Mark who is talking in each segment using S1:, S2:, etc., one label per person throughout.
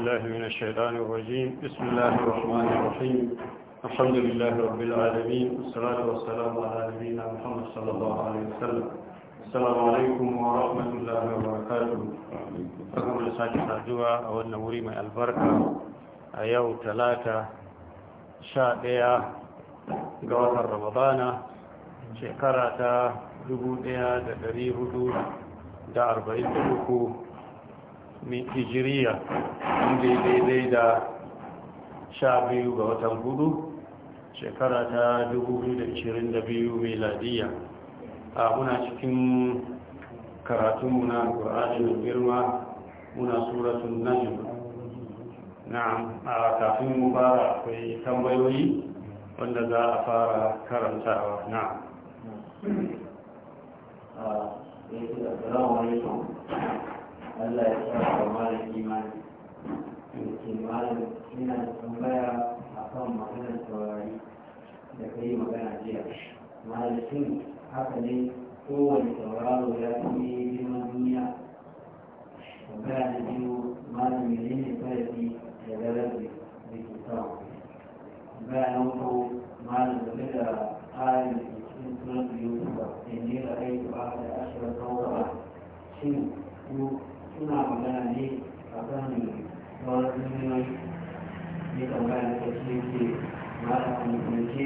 S1: بالله من الشيطان الرجيم بسم الله الرحمن الرحيم الحمد لله رب العالمين والصلاة والسلام على نبينا محمد صلى الله عليه وسلم السلام عليكم ورحمة الله وبركاته أكم لساك سعدوا أو النوري من البركة أيو ثلاثة شادية قوات رمضان شكرة دبودية دبريه دور دار بريد hijiriya inda ya daidai da sha biyu ga watan hudu shekara ta 2022 meladiya a muna cikin karatunmu na ƙwararren girma muna suratun najm Na a kafin mu fara akwai tambayoyi wanda za a fara karantawa na. Allah ya sa wa malam imani da ke malam ina da tambaya a kan maganar saurari da ka yi magana jiya malakin haka ne kowane sauraro ya fi girman duniya tambaya da biyu malam ne ne farafi da garabi da ke samu tambaya na uku malam game da tsarin da ke cikin sunan yusuf da ne ra'ayi ba da ashirin kawai shin suna magana ne a kan wani duniyoyi ne tambaya na kashi yake na da kwanakwanci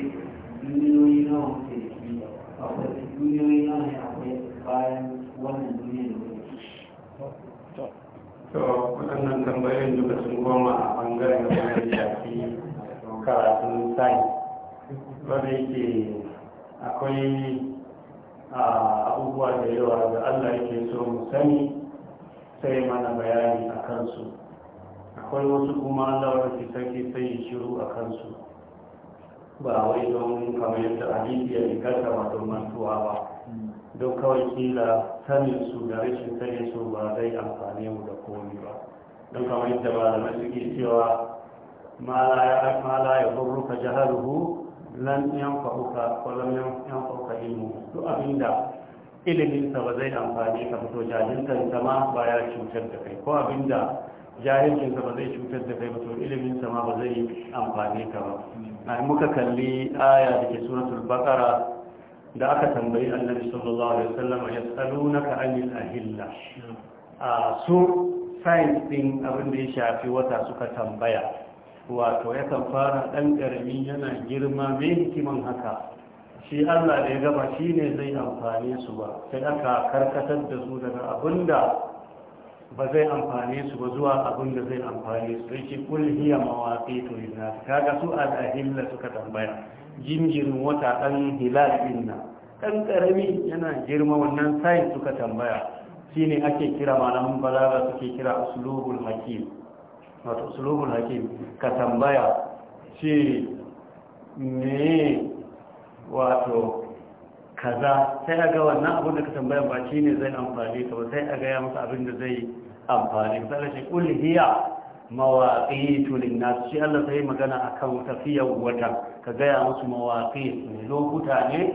S1: duniyoyi nawa muke da A akwai duniyoyi nawa ne akwai bayan wannan duniyar da muke
S2: to waɗannan tambayoyin duka sun goma
S1: a ɓangaren da ya shafi karatun sai wanda yake akwai ah, abubuwa da yawa da allah yake so mu sani sai mana bayani a kansu akwai wasu kuma lawar wadda sake sai yi shiru a kansu ba wai don kamar yadda hadisi ya inganta wato mantuwa ba don kawai kila sanin su da rashin sanin su ba zai amfani mu da komi ba don kamar yadda malamai suke cewa ma la ya jaharuhu lan yan fa'uka ilmu duk abinda iliminsa ba zai amfani ka fito jahilkansa ma ba ya cutar da kai ko abinda jahilcinsa ba zai cutar da kai ba to iliminsa ba zai amfani ka ba a muka kalli aya da ke suna baqara da aka tambayi annabi sallallahu alaihi wasallam yas'alunaka anil ahilla a su science din abin da ya shafi wata suka tambaya wato yakan fara ɗan karami yana girma mai hikiman haka shi Allah da ya gama shi ne zai amfane su ba sai aka karkatar da su daga abin da ba zai amfane su ba zuwa abin da zai amfane su sai ce kul hiya mawaqitu linnas kaga su al-ahilla suka tambaya jinjirin wata ɗan hilal dinna ɗan ƙarami yana girma wannan sayin suka tambaya Shi ne ake kira Malam balaga suke kira usulubul hakim wato usulubul hakim ka tambaya ce me wato kaza sai a ga wannan abin da ka tambaya ba shi ne zai amfani ka ba sai a gaya masa abin da zai amfani ka sai shi hiya mawaqitu lin nas shi Allah sai magana akan tafiyar wata ka gaya musu mawaqit lokuta ne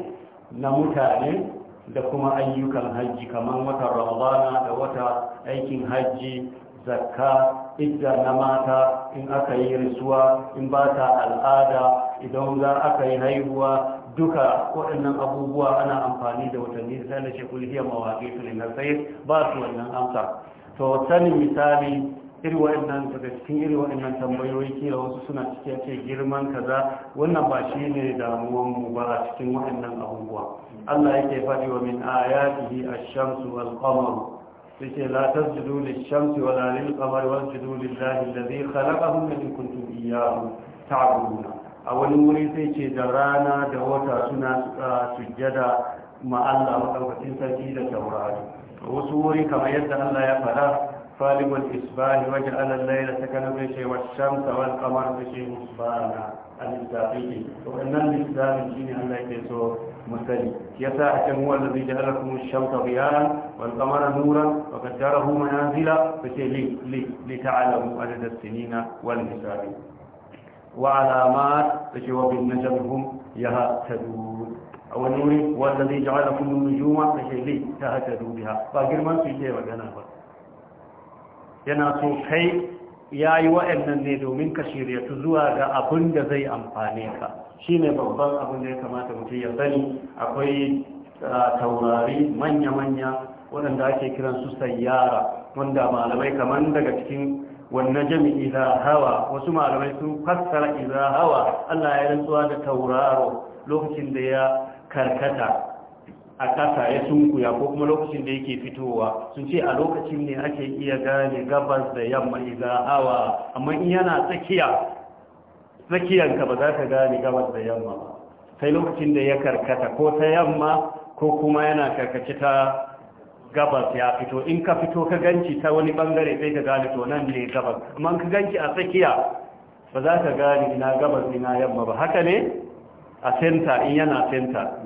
S1: na mutane da kuma ayyukan hajji kamar watan ramadana da wata aikin hajji zakka idda na mata in aka yi risuwa in ba ta al'ada idan za aka yi haihuwa duka waɗannan abubuwa ana amfani da watanni sai na ce kulhiyar mawaƙi su ne sai ba su wannan amsa to sanin misali iri waɗannan daga cikin iri waɗannan tambayoyi kila wasu suna cikin ce girman kaza wannan ba shi ne mu ba a cikin waɗannan abubuwa allah yake faɗi wa min ayatihi ash-shamsu wal qamaru yace la tasjudu lish-shamsi wala lil-qamari wasjudu lillahi alladhi khalaqahum in kuntum iyyahu ta'budun a wani wuri sai ce da rana da wata suna sujjada ma Allah maɗaukacin sarki da taurari wasu wuri kamar yadda Allah ya faɗa falibul isbahi wajen alal laila ta kana bai ce wasu shamsa wani kamar da ke musbana a littafi ne wannan littafin shi ne Allah ke so musali ya sa a can wanda zai jihar shamsa biyaran wani kamar nura a kan jara huma na zila ta ce li ta alamu adadin sinina wani وعلامات وبالنجم هم يهتدون والنور والذي جعلكم النجوم فشيء تهتدوا بها فاقر من في شيء وقنابا يناسو كي yayi wa'annan ne domin ka shiryatu zuwa ga abin da zai amfane ka shine babban abin da ya kamata mutum ya sani akwai taurari manya-manya waɗanda ake kiran su sayyara wanda malamai kamar daga cikin والنجم إذا هوى وسمع لميسو كسر إذا هوى rantsuwa da tauraro. Lokacin da ya karkata, a ƙasa ya sunkuya ko kuma lokacin da yake fitowa sun ce a lokacin ne ake iya gane gabas da yamma iza hawa amma in yana tsakiya tsakiyanka ba za ka gane gabas da yamma ba sai lokacin da ya karkata ko ta yamma ko kuma yana karkace ta gabas ya fito in ka fito ka ganci ta wani bangare sai ka gane to nan ne gabas amma ka ganci a tsakiya ba za ka gane ina gabas ina yamma ba haka ne a senta in yana senta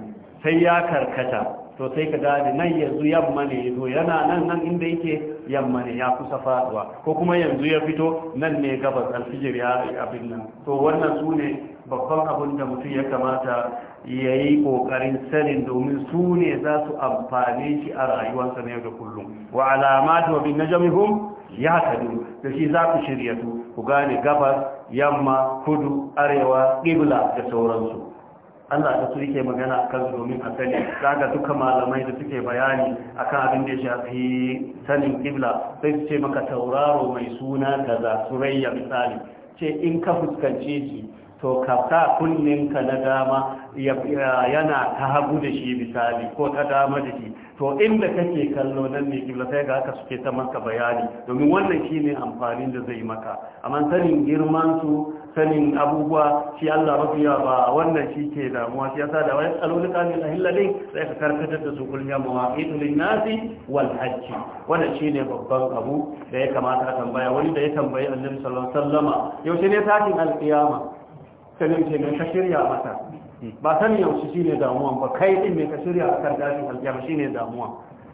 S1: sai ya karkata to sai ka gane nan yanzu yamma ne yazo yana nan nan inda yake yamma ne ya kusa faduwa ko kuma yanzu ya fito nan ne gabas alfijir ya abin nan to wannan su ne babban abin da mutum ya kamata ya yi kokarin sanin domin su ne za su amfane shi a rayuwarsa na yau da kullum wa alamatu wa bin najmihum ya kadu da shi za ku shirya su ku gane gabas yamma kudu arewa qibla da sauransu Allah da su yake magana a kansu domin a sani daga duka malamai da suke bayani a kan abin da ya shafi sanin ƙibla sai su ce maka tauraro mai suna kaza surayya misali ce in ka fuskanci shi to ka sa kunninka na dama yana ta hagu da shi misali ko ta dama da shi to inda kake kallo nan ne kibla sai ga haka suke ta maka bayani domin wannan shi ne amfanin da zai maka amma sanin girman su sanin abubuwa shi Allah yawa ba wannan shi ke damuwa shi yasa da wani tsaloli kamin ahillalin sai ka karkatar da su kulmiya mawaƙitu linnasi wal hajji wannan shi ne babban abu da ya kamata a tambaya wani da ya tambayi annabi sallallahu alaihi wasallama yaushe ne takin alƙiyama sanin ce ne ka shirya mata ba sani yaushe shi ne damuwa ba kai din ne ka shirya a kan dajin alkiyama shi ne damuwa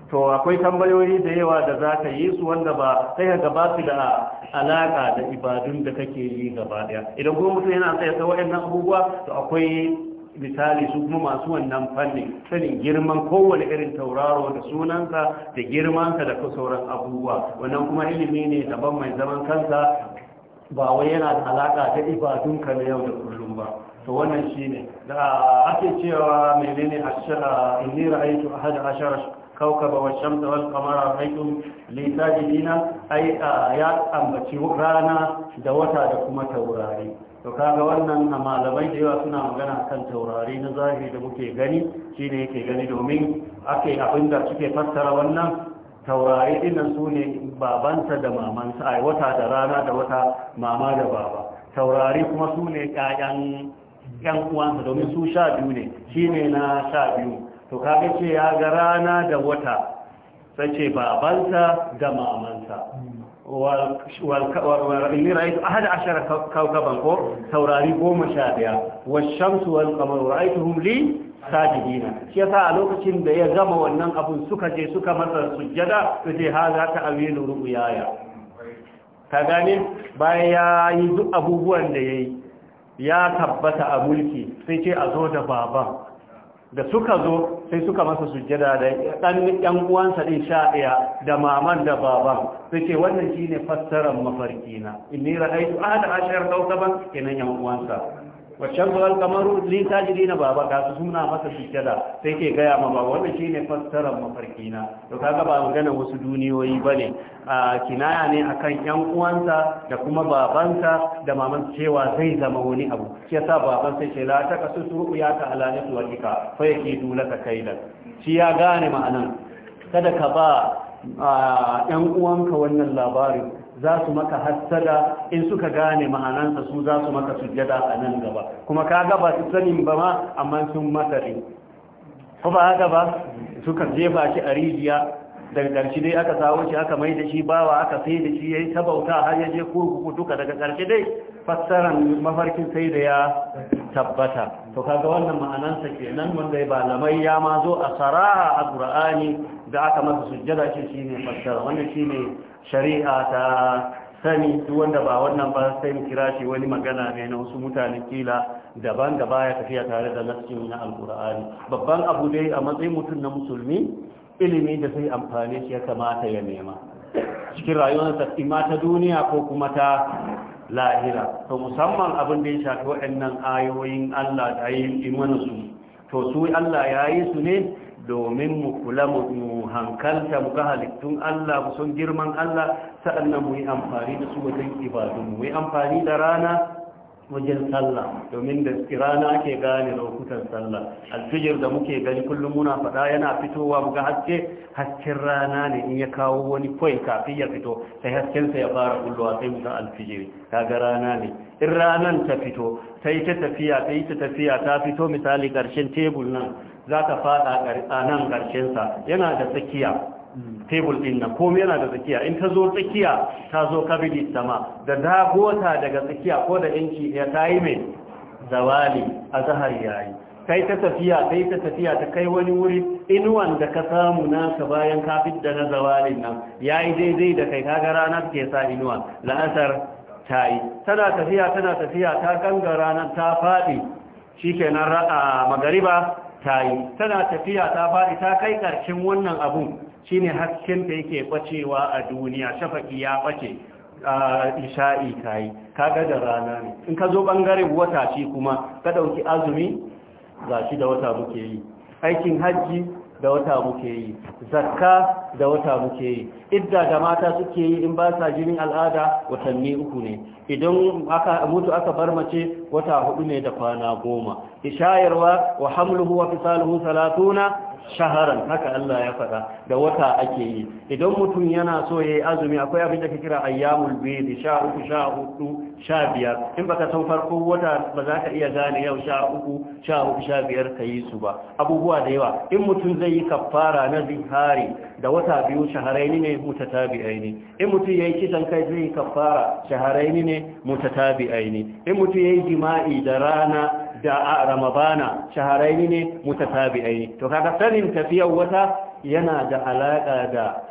S1: to akwai tambayoyi da yawa da za ka yi su wanda ba sai ka gaba su da alaƙa da ibadun da kake yi gaba daya idan kuma mutum yana sai ta wayannan abubuwa to akwai misali su kuma masu wannan fannin sanin girman kowane irin tauraro da sunanka da girmanka da sauran abubuwa wannan kuma ilimi ne daban mai zaman kansa ba wai yana da alaka ta ka na yau da kullum ba to wannan shine da ake cewa menene ashara inni ra'aytu ahad ashara kawkaba wa shamsa wal qamara ra'aytu li sajidina ay ya ambaci rana da wata da kuma taurari to kaga wannan a malamai da yawa suna magana kan taurari na zahiri da muke gani shine yake gani domin ake abinda suke fassara wannan taurari dinnan su ne babansa da mamansa a wata da rana da wata mama da baba taurari kuma su ne ƴaƴan ƴan uwansa domin su sha biyu ne shi ne na sha biyu to kaga ce ya ga rana da wata sai ce babansa da mamansa واللي رأيت أحد عشر كوكبا فوق ثوراري قوم shamsu والشمس والقمر رأيتهم لي sajidina shi yasa a lokacin da ya gama wannan abun suka je suka masa sujjada to ce ha za ta awilu ru'yaya ka gane bayan ya yi duk abubuwan da yayi ya tabbata a mulki sai ce a zo da baban da suka zo sai suka masa sujjada da ɗan ɗan uwansa din sha ɗaya da maman da baban sai ce wannan shine fassarar mafarki na inni ra'aytu ahada ashar kawkaban kenan yan uwansa waccan zuwan kamaru lisa jiri na baba ga su suna masa da sai ke gaya ma ba wanda shi ne fassarar mafarki na to ka gaba magana wasu duniyoyi ba ne a kinaya ne akan yan uwansa da kuma babansa da maman cewa zai zama wani abu shi yasa baban sai ce lata ta kasu su ya ta alani su wajika fa yake dula ka kai da. shi ya gane ma'anan kada ka ba yan uwanka wannan labarin za su maka hassada in suka gane ma'anansa su za su maka sujjada a nan gaba kuma ka gaba su sanin ba ma amma sun masari ko ba haka ba suka jefa shi a rijiya daga ƙarshe dai aka sawo shi aka mai da shi bawa aka sai da shi ya yi ta har ya je kurkuku duka daga ƙarshe dai fassaran mafarkin sai da ya tabbata to kaga wannan ma'anansa kenan wanda ba lamai ya ma zo a saraha a qur'ani da aka masa sujjada shi shine fassara wannan shine shari'a ta sani duk wanda ba wannan ba sai mu kira shi wani magana ne na wasu mutane kila daban da baya tafiya tare da nassin na alqur'ani babban abu dai a matsayin mutum na musulmi ilimi da sai amfane shi ya kamata ya nema cikin rayuwarsa ima ta duniya ko kuma ta lahira to musamman abin da ya shafi waɗannan ayoyin Allah da yi imanu su to su Allah ya yi su ne domin mu kula mu hankalta mu ga halittun Allah mu girman Allah sa'annan mu yi amfani da su wajen ibadun mu yi amfani da rana
S2: wajen sallah domin da
S1: rana ake gane lokutan sallah alfijir da muke gani kullum muna faɗa yana fitowa muga haske hasken rana ne in ya kawo wani kwai kafin ya fito sai haskensa ya fara kullowa sai muga alfijir kaga rana ne in ranan ta fito ta yi ta tafiya ta yi ta tafiya ta fito misali ƙarshen tebul nan za ta faɗa a nan sa yana da tsakiya tebul din nan komai yana da tsakiya in ta zo tsakiya ta zo kabili sama da dagota daga tsakiya ko da inci ya tayi mai zawali a zahar yayi kai ta tafiya kai ta tafiya ta kai wani wuri inuwan da ka samu naka bayan ka da na zawalin nan yayi daidai da kai kaga rana ke sa inuwa la'asar tayi tana tafiya tana tafiya ta ganga ranar ta faɗi shikenan ra'a magariba tayi tana tafiya ta faɗi ta kai ƙarshen wannan abun ne hasken da yake bacewa a duniya shafaki ya bace a isha'i yi kaga da rana ne in ka zo bangaren wata shi kuma ka dauki azumi shi da wata muke yi aikin hajji da wata muke yi zakka da wata muke yi idda da mata suke yi in ba sa jinin al'ada watanni uku ne idan mutu aka bar mace wata hudu ne da kwana goma ishayarwa wa hamluhu wa fisaluhu salatuna shaharan haka Allah ya faɗa da wata ake yi idan mutum yana so ya yi azumi akwai abin da ka kira ayyamul bidi sha uku sha hudu sha biyar in baka san farko wata ba za ka iya gane yau sha uku sha hudu sha biyar ka yi su ba abubuwa da yawa in mutum zai yi kafara na zihari da wata biyu shaharaini ne mutatabi'aini in mutum yayi kisan kai zai yi kafara shaharaini ne mutatabi'aini in mutum yayi jima'i da rana da a ramadana shaharaini ne mutatabi'ai to kaga sanin tafiyar wata yana da alaƙa da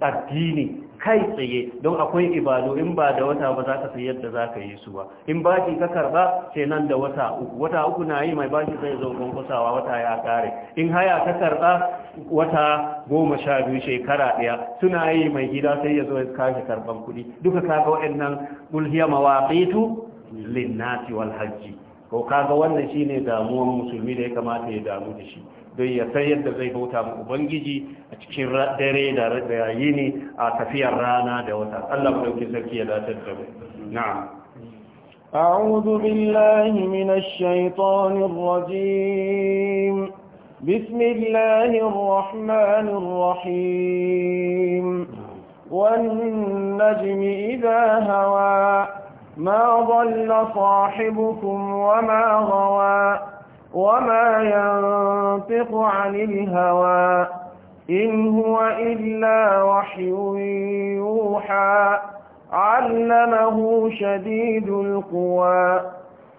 S1: addini kai tsaye don akwai ibadu in ba da wata ba za ka sai yadda za ka yi su ba in baki ka karba sai nan da wata uku wata uku na yi mai baki zai zo kunkusawa wata ya kare in haya ka karba wata goma sha biyu shekara ɗaya suna yi mai gida sai ya zo ya kashe karban kuɗi duka kaga waɗannan gulhiya mawaƙitu linnati wal hajji ko kaga wannan shine damuwan musulmi da ya kamata ya damu da shi don ya san yadda zai bauta mu ubangiji a cikin dare da yayi ne a tafiyar rana da wata Allah mu dauke sarki ya dace da mu
S2: na'am أعوذ بالله من الشيطان الرجيم بسم الله الرحمن الرحيم والنجم إذا hawa. ما ضل صاحبكم وما غوى وما ينطق عن الهوى إن هو إلا وحي يوحى علمه شديد القوى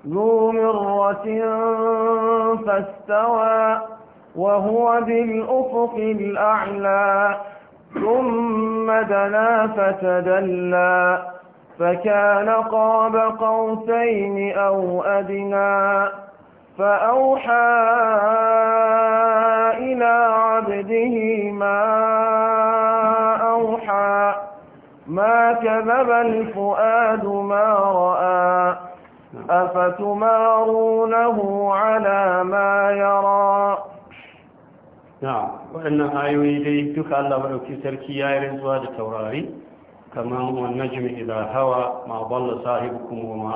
S2: ذو مرة فاستوى وهو بالأفق الأعلى ثم دنا فتدلى فكان قاب قوسين أو أدنى فأوحى إلى عبده ما أوحى ما كذب الفؤاد ما رأى أفتمارونه على ما يرى
S1: نعم وأن آيوي أن الله ولو كسرك يا التوراة التوراري kamar wannan idan hawa ma balla sahibukum wa ma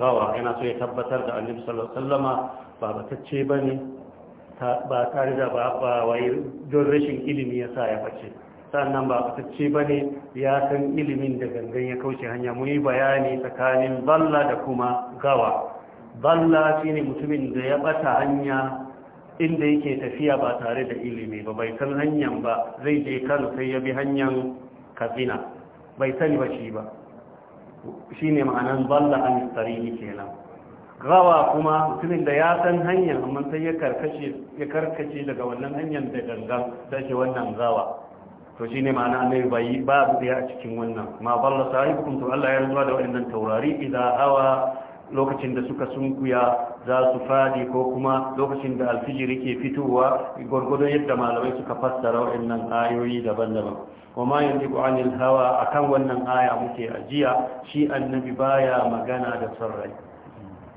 S1: gawa yana so ya tabbatar da annabi sallallahu alaihi ba batacce bane ba tare da ba ba wai don rashin ilimi yasa ya face, sannan ba batacce bane ya san ilimin da gangan ya kauce hanya mu yi bayani tsakanin balla da kuma gawa balla shine mutumin da ya bata hanya inda yake tafiya ba tare da ilimi ba bai san hanyar ba zai je kan sai ya bi hanyar kafina bai sani ba shi ba shi ne ma'anan balla an tsarihi kenan gawa kuma mutumin da ya san hanyar amma sai ya karkace ya karkace daga wannan hanyar da gangan da ke wannan gawa to shi ne ma'ana mai bai babu a cikin wannan ma balla sahibukum to Allah ya rubuta da waɗannan taurari idan hawa lokacin da suka sunkuya za su fadi ko kuma lokacin da alfijiri ke fitowa gwargwado yadda malamai suka fassara waɗannan ayoyi daban-daban kuma yanzu anil hawa akan wannan aya muke ajiya shi annabi baya magana da sarrai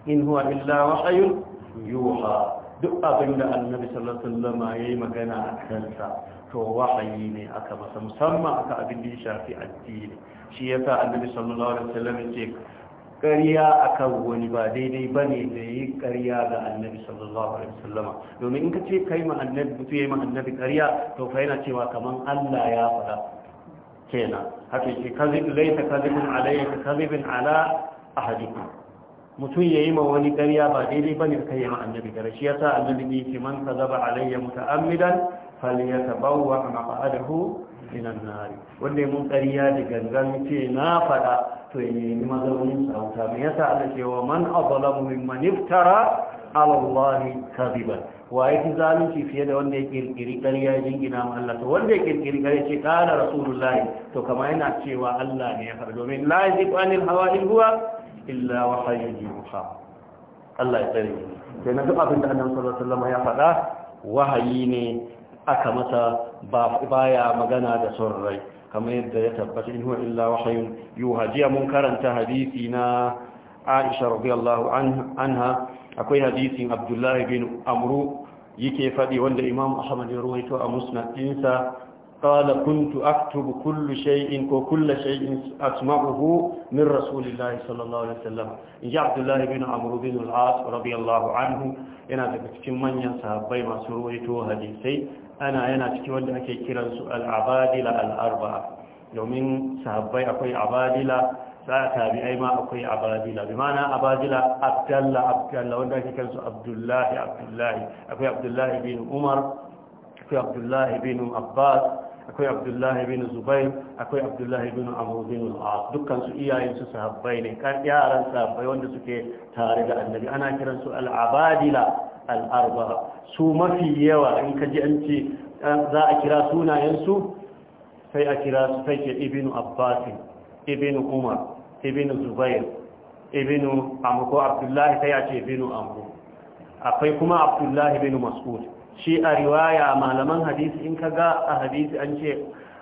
S1: in huwa illa wahayun yuha duk abin da annabi sallallahu alaihi wasallam yayi magana a kansa to wahayi ne aka masa musamman aka abin da ya shafi addini shi yasa annabi sallallahu alaihi wasallam ƙarya akan wani ba daidai ba ne da yi ƙarya ga annabi sallallahu alaihi wasallama domin in ka ce kai ma annabi mutu yayi ma annabi ƙarya to fa yana cewa kaman Allah ya faɗa kenan haka yake kazib laysa kazibun alayka kazibun ala hadiku mutum ya yi ma wani ƙarya ba daidai ba ne kai ma annabi ƙarya shi ya yasa annabi ne ke man kazaba alayya muta'ammidan falyatabawwa maq'adahu minan nari wanda mun ƙarya da gangan ce na faɗa to ya nemi mazaunin sauta me yasa Allah ce wa man azlamu mimman iftara ala Allah kadiban wa yake zalunci fiye da wanda ya kirkiri ƙarya jingina ma Allah to wanda ya kirkiri ƙarya ce kana rasulullahi to kama yana cewa Allah ne ya faru domin la yaziqu anil hawa in huwa illa wahyun yuha Allah ya tsare sai na duk abin da Annabi sallallahu alaihi wasallam ya faɗa wahayi ne aka masa ba baya magana da son rai kamar yadda ya tabbata in huwa illa wahyun yuha jiya mun karanta hadisi na Aisha radiyallahu anha akwai hadisin Abdullah bin Amru yake fadi wanda Imam Ahmad ya ruwaito a Musnad dinsa قال كنت أكتب كل شيء وكل شيء أسمعه من min الله sallallahu alaihi عليه وسلم إن جاء عبد الله بن عمرو بن العاص رضي الله عنه إن هذا كتب من ينسى بين ana yana ciki wanda ake kiransu al'abadila al'arba'a domin sahabbai akwai abadila za a tabi ai ma akwai abadila bi mana abadila abdalla abdalla wanda ake kiransu abdullahi abdullahi akwai abdullahi bin umar akwai abdullahi bin abbas akwai abdullahi bin zubair akwai abdullahi bin amr bin al dukkan su iyayen su sahabbai ne kan yaran sahabbai wanda suke tare da annabi ana kiransu al-abadila al-arba'a su mafi yawa in ka ji an ce ah, za a kira sunayensu sai a kira su sai ke ibinu abbasin ibinu umar ibinu zubair ibinu amurko abdullahi sai a ce ibinu amurko akwai kuma abdullahi ibinu mas'ud shi a riwaya malaman hadisi in ka ga a hadisi an ce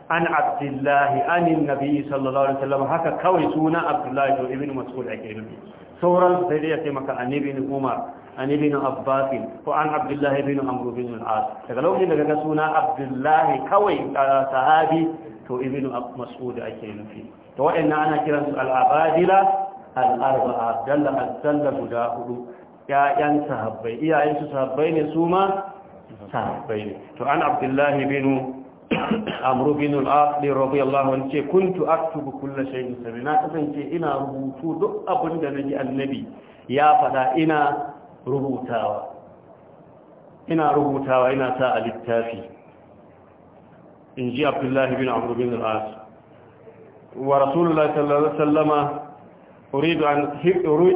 S1: an abdullahi anin nabi sallallahu alaihi wasallam haka kawai suna abdullahi to ibinu mas'ud ake rubi sauran sai dai ya ce maka annabi Ibinu umar an ibn abbas ko an Abdullahi ibn amr bin al-as daga lokacin da kaga suna Abdullahi kawai sahabi to ibn mas'ud ake nufi to wa'annan ana kiransu al-abadila al-arba'a dalla al-dalla guda hudu ya'yan sahabbai iyayen su sahabbai ne su ma sahabbai ne to an abdullah ibn amr bin al-as radiyallahu anhu ce kuntu aktubu kullu shay'in sabina kasance ina rubutu duk abin da naji annabi ya fada ina rubutawa ina rubutawa ina sa a littafi in ji abdullahi bin abu bin wa rasulullah sallallahu alaihi wasallama uridu an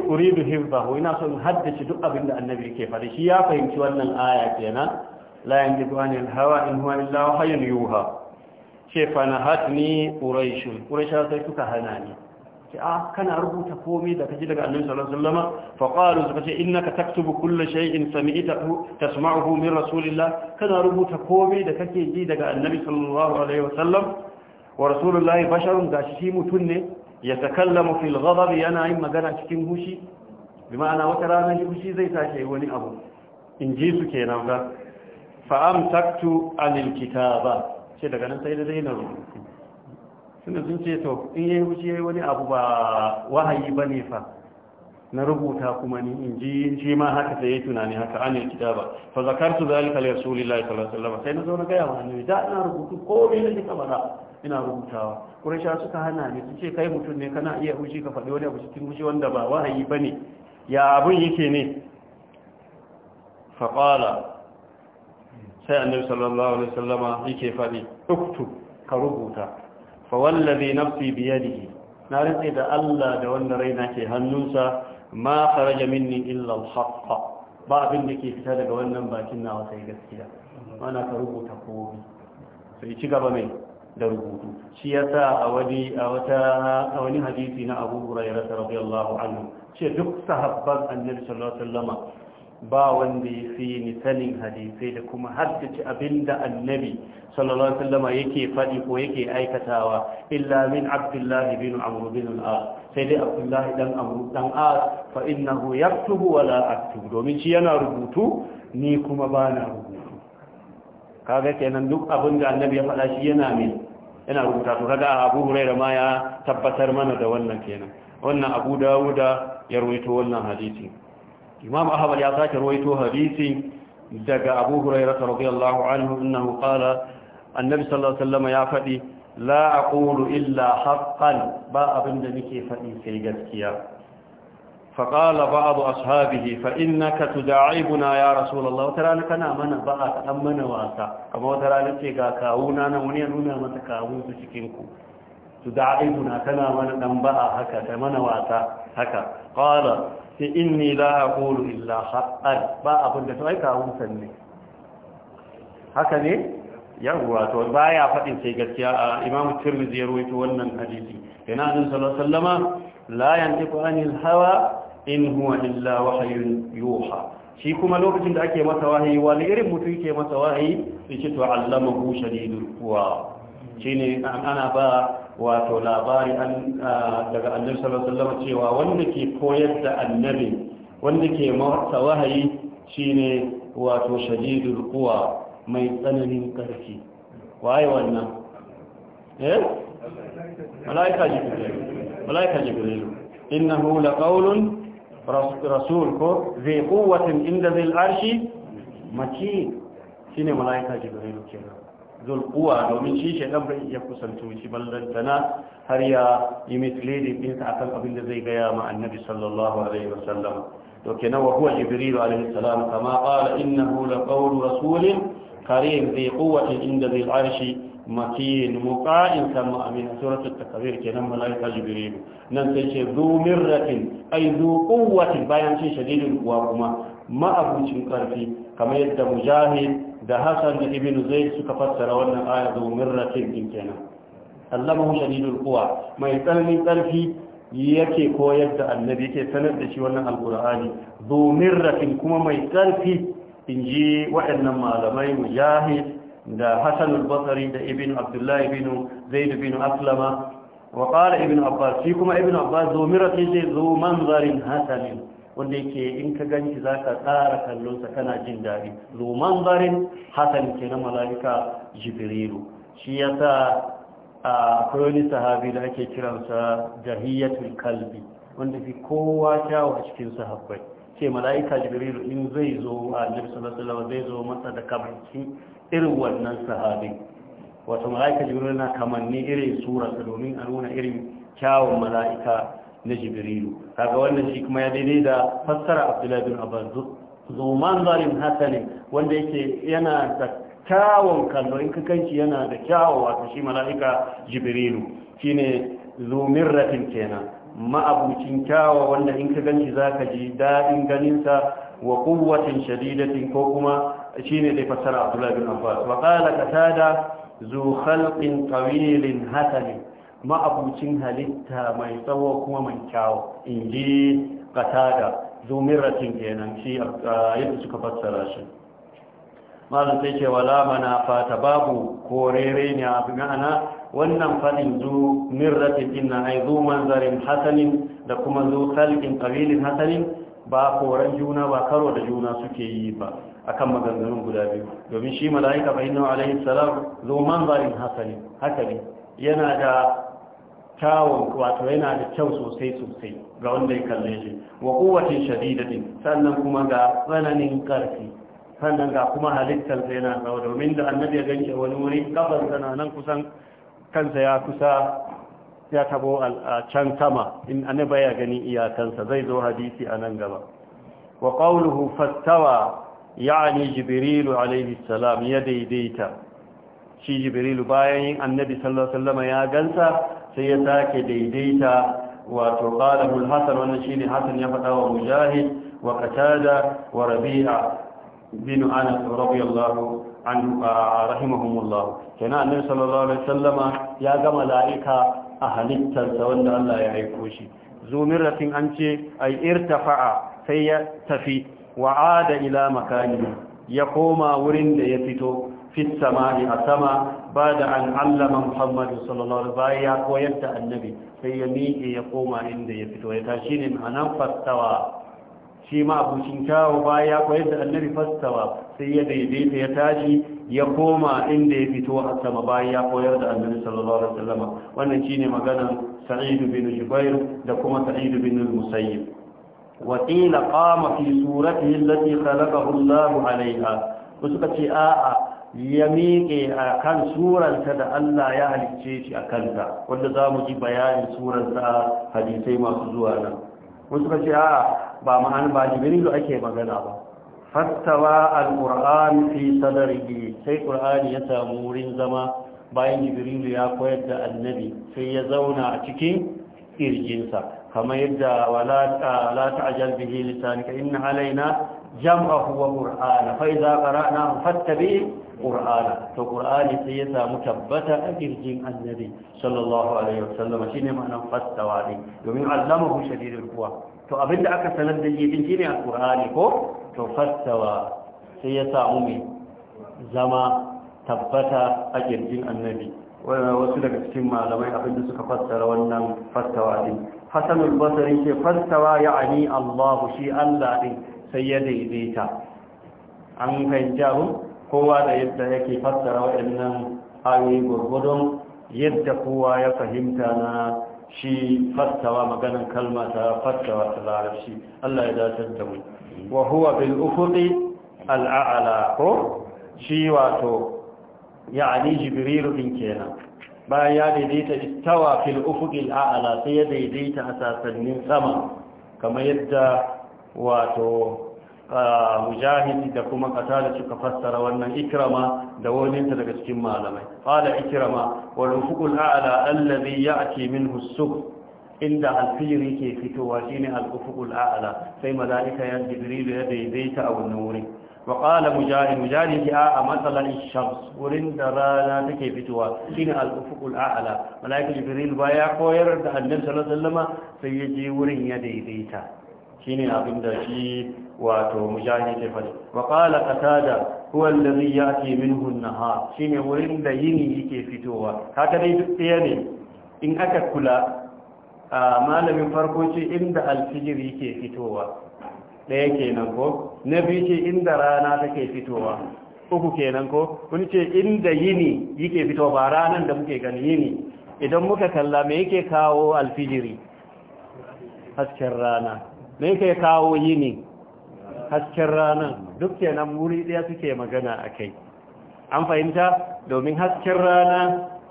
S1: uridu hifzahu ina son haddace duk abin da annabi yake faɗi shi ya fahimci wannan aya kenan la yanjibu anil hawa in huwa illa wahyun yuha ce fa nahatni quraish quraish sai suka hana ni ce a ah, kana rubuta komai da kaji daga annabi sallallahu alaihi wasallam fa qalu suka ce innaka taktubu kull shay'in sami'tahu tasma'uhu min rasulillah kana rubuta komai da kake ji daga annabi sallallahu alaihi wasallam wa rasulullahi basharun gashi shi mutun ne ya takallamu fil ghadab yana yin magana cikin hushi bi ma'ana wata rana shi hushi zai tashi wani abu in ji su kenan ga fa amsaktu anil kitaba ce daga nan sai da zai na rubuta tunda sun ce to in yi wuce yayi wani abu ba wahayi bane fa na rubuta kuma ni in ji in shi ma haka sai yayi tunani haka an ba. fa zakartu zalika li rasulillahi sallallahu alaihi wasallam sai na zo na ga yawa ne da ina rubutu ko me nake kabara ina rubutawa quraisha suka hana ni su ce kai mutum ne kana iya hushi ka faɗi wani abu cikin hushi wanda ba wahayi ba ne. ya abun yake ne fa qala sai annabi sallallahu alaihi wasallama yake faɗi uktu ka rubuta fa wallazi nafsi bi na rantsa da Allah da wanda raina ke hannunsa ma kharaja minni illa al-haqq ba abin da ke fita daga wannan bakin nawa sai gaskiya ana ka rubuta komai sai ci gaba mai da rubutu shi yasa a wani a wata a wani hadisi na Abu Hurairah radiyallahu anhu ce duk sahabban Annabi sallallahu alaihi ba wanda ya fi ni sanin hadisai da kuma haddace abinda annabi sallallahu alaihi wasallam yake faɗi ko yake aikatawa illa min abdullahi bin amr bin al-as sai dai abdullahi dan amr dan as fa innahu yaktubu wa la aktubu domin shi yana rubutu ni kuma ba na rubutu kaga kenan duk abinda annabi ya faɗa shi yana min yana rubuta to kaga Abu Hurairah ma ya tabbatar mana da wannan kenan wannan Abu Dawuda ya rawaito wannan hadisi imam ahmad ya sake rawaito hadisi daga abu hurairah radiyallahu anhu innahu qala annabi sallallahu alaihi wasallam ya faɗi la aqulu illa haqqan ba abinda nake faɗi sai gaskiya فقال بعض أصحابه فإنك تداعبنا يا رسول الله وترى لك أنا من بأت kawuna nan wani كما وترى لك كاونا نوني نونا متكاون تشكينكو تداعبنا mana من أم haka, هكا من واسا haka, qala. sai in inni la aqulu illa haqqan ba abin da sai ka hunsan ne haka ne yawwa to ba ya fadin sai gaskiya a imamu tirmidhi ya rawaito wannan hadisi yana nan sallallahu alaihi wasallama la yantiqu anil hawa in huwa illa wahyun yuha shi kuma lokacin da ake masa wahayi wani irin mutum yake masa wahayi yace to allamahu shadidul quwa shine ana ba wato labari daga annabi sallallahu alaihi wasallam cewa wanda ke koyar da annabi wanda ke masa wahayi shine wato shadidul quwa mai tsananin karfi waye wannan eh
S2: malaika jibril
S1: malaika jibril innahu laqawlun rasul ko zai quwwatin inda zil arshi maki shine malaika jibril kenan zulkuwa domin shi shaidan bai iya kusanto shi ballantana har ya yi misleading ɗinsa akan abin da zai gaya ma annabi sallallahu alaihi wasallam to kenan nan huwa jibril alaihi salam kama qala innahu la qawlu rasulin kare zai kowace inda zai arshi makin muqa'in sama Amina suratul takbir kenan malaika jibrilu nan sai ce zu mirratin zu kowace bayan shi shadidul kuwa kuma ma'abucin ƙarfi kamar yadda mujahid da Hassan da ibn zai suka fassara wannan aya domin ratin din kenan allamahu shadidul quwa mai tsananin ƙarfi yake koyar da annabi yake sanar da shi wannan alqur'ani domin rafin kuma mai ƙarfi inji waɗannan malamai mujahid da Hassan al-basri da ibn abdullah ibn zaid ibn aslama wa qala ibn abbas shi kuma ibn abbas domin ratin sai zo manzarin hasanin wanda yake in ka ganci za ka tsara kallonsa kana jin daɗi luman barin hasan ke na mala'ika jibrilu shi ya sa a wani sahabi da ake kiransa jahiyatul kalbi wanda fi kowa kyawu a cikin sahabbai ce malarika jibrilu in zai zo a annabi zai zo masa da kamarci irin wannan sahabi wato malarika jibrilu na kamanni irin surarsa domin a nuna irin kyawun mala'ika na jibrilu kaga wannan shi kuma ya daidai da fassara abdullahi bin abbas zuman zalim hasanin wanda yake yana da kyawun kallo in ka yana da kyawun wato shi mala'ika jibrilu shine zumirratin kenan ma'abucin kyawa wanda in ka ganci ka ji daɗin ganinsa wa kuwatin shadidatin ko kuma shine dai fassara abdullahi bin abbas wa qala qatada zu khalqin tawilin hasanin ma'abucin halitta mai tsawo kuma mai kyawo in ji katada zumiratin kenan shi uh, yadda suka fassara shi malam sai ce wala mana fata babu rere ne a ma'ana wannan fadin zu mirratin ina ai zu manzarin hasanin da kuma zu kalkin qabilin hasanin ba koran juna ba karo da juna suke yi ba akan maganganun guda biyu domin shi mala'ika fa inna alaihi salam zo manzarin hasanin haka ne yana da kyawun wato yana da kyau sosai sosai ga wanda ya kalle shi wa kowace shadidatin sannan kuma ga tsananin karfi sannan ga kuma sai yana tsawo domin da annabi ya ganke wani wuri kafar sana nan kusan kansa ya kusa ya tabo a can sama in annabi ya gani iyakansa zai zo hadisi a nan gaba wa qawluhu fastawa ya'ni jibrilu alayhi salam ya daidaita shi jibril bayan annabi sallallahu alaihi wasallam ya gansa
S2: sai ya sake daidaita wato qalahu al wannan shi shine hasan ya faɗa wa mujahid wa katada wa
S1: rabi'a bin anas radiyallahu anhu rahimahumullah kana annabi sallallahu alaihi Sallama ya gama la'ika a halittarsa wanda Allah ya haiko shi zumiratin an ce ay irtafa'a sai ya tafi wa'ada ila makani ya koma wurin da ya fito في السماء أسما بعد أن علم محمد صلى الله عليه ya يا قويت النبي سيميك ya عند يفتو يتاشين أنا فاستوى shi ma abincin kyawo baya koyar da annabi fastawa sai ya daidaita ya tashi ya koma inda ya fito a sama bayan ya koyar da annabi sallallahu alaihi wasallam wannan shine maganar sa'id bin jubair da kuma sa'id bin musayyib wa qila qama fi suratihi allati khalaqahu Allah alaiha suka ce a'a ya miƙe a kan suranta da Allah ya halicce shi a kanta wanda za mu ji bayanin suranta hadisai masu zuwa nan wasu suka ce a ba ma'an ba jibrilu ake magana ba fastawa al-qur'an fi sadrihi sai ƙur'ani ya samu wurin zama bayan jibrilu ya koyar da annabi sai ya zauna a cikin kirjinsa kamar yadda wala la ta'jal bihi lisanaka inna alaina jam'ahu wa qur'ana fa idza qara'na fattabi' Ƙur'ana, to ƙur'ani sai ya samu tabbata a girgin annabi sallallahu alaihi wasallam shine ma'anar fastawa ne domin allamahu shadidul kuwa, to abinda aka sanar da yidin shine alqur'ani ko to fastawa sai ya samu mai zama tabbata a girgin annabi wasu daga cikin malamai abinda suka fassara wannan fastawa din hasanul basari ce fastawa ya'ani allahu shi Allah din sai ya daidaita an fahimci mu kowa da yadda yake fassara waɗannan ayoyi gwargwadon, yadda kowa ya fahimta na shi fassawa maganin kalma ta fassawa ta larabci Allah ya datar da mu wa huwa bil ufuqi al a'la ko shi wato ya'ani jibril din kenan bayan ya daidaita istawa fil ufuqi al a'la sai ya daidaita a sasannin sama kamar yadda wato mujahid da kuma da suka fassara wannan ikrama da wani daga cikin malamai qala ikrama wal ufuqul a'la alladhi ya'ti minhu as-subh inda alfiri ke fitowa shine al-ufuqul a'la sai malaika ya jibril ya daidaita a wannan wurin wa qala mujahid mujahid a matsalan shams wurin da rana take fitowa shine al-ufuqul a'la malaika jibril baya koyar da annabi sallallahu alaihi wasallama sai ya je wurin ya daidaita shine abinda shi wato mujahidi fadi wa qala qatada huwa alladhi yati minhu an naha shine wurin da yini yake fitowa haka dai duk ɗaya ne in aka kula a malamin farko ce inda alfijir yake fitowa ɗaya kenan ko na biyu ce inda rana take fitowa uku kenan ko kun ce inda yini yake fitowa ba ranan da muke gani yini idan muka kalla me yake kawo alfijiri hasken rana me yake kawo yini hasken ranar duk kenan wuri ɗaya suke magana a kai an fahimta domin hasken rana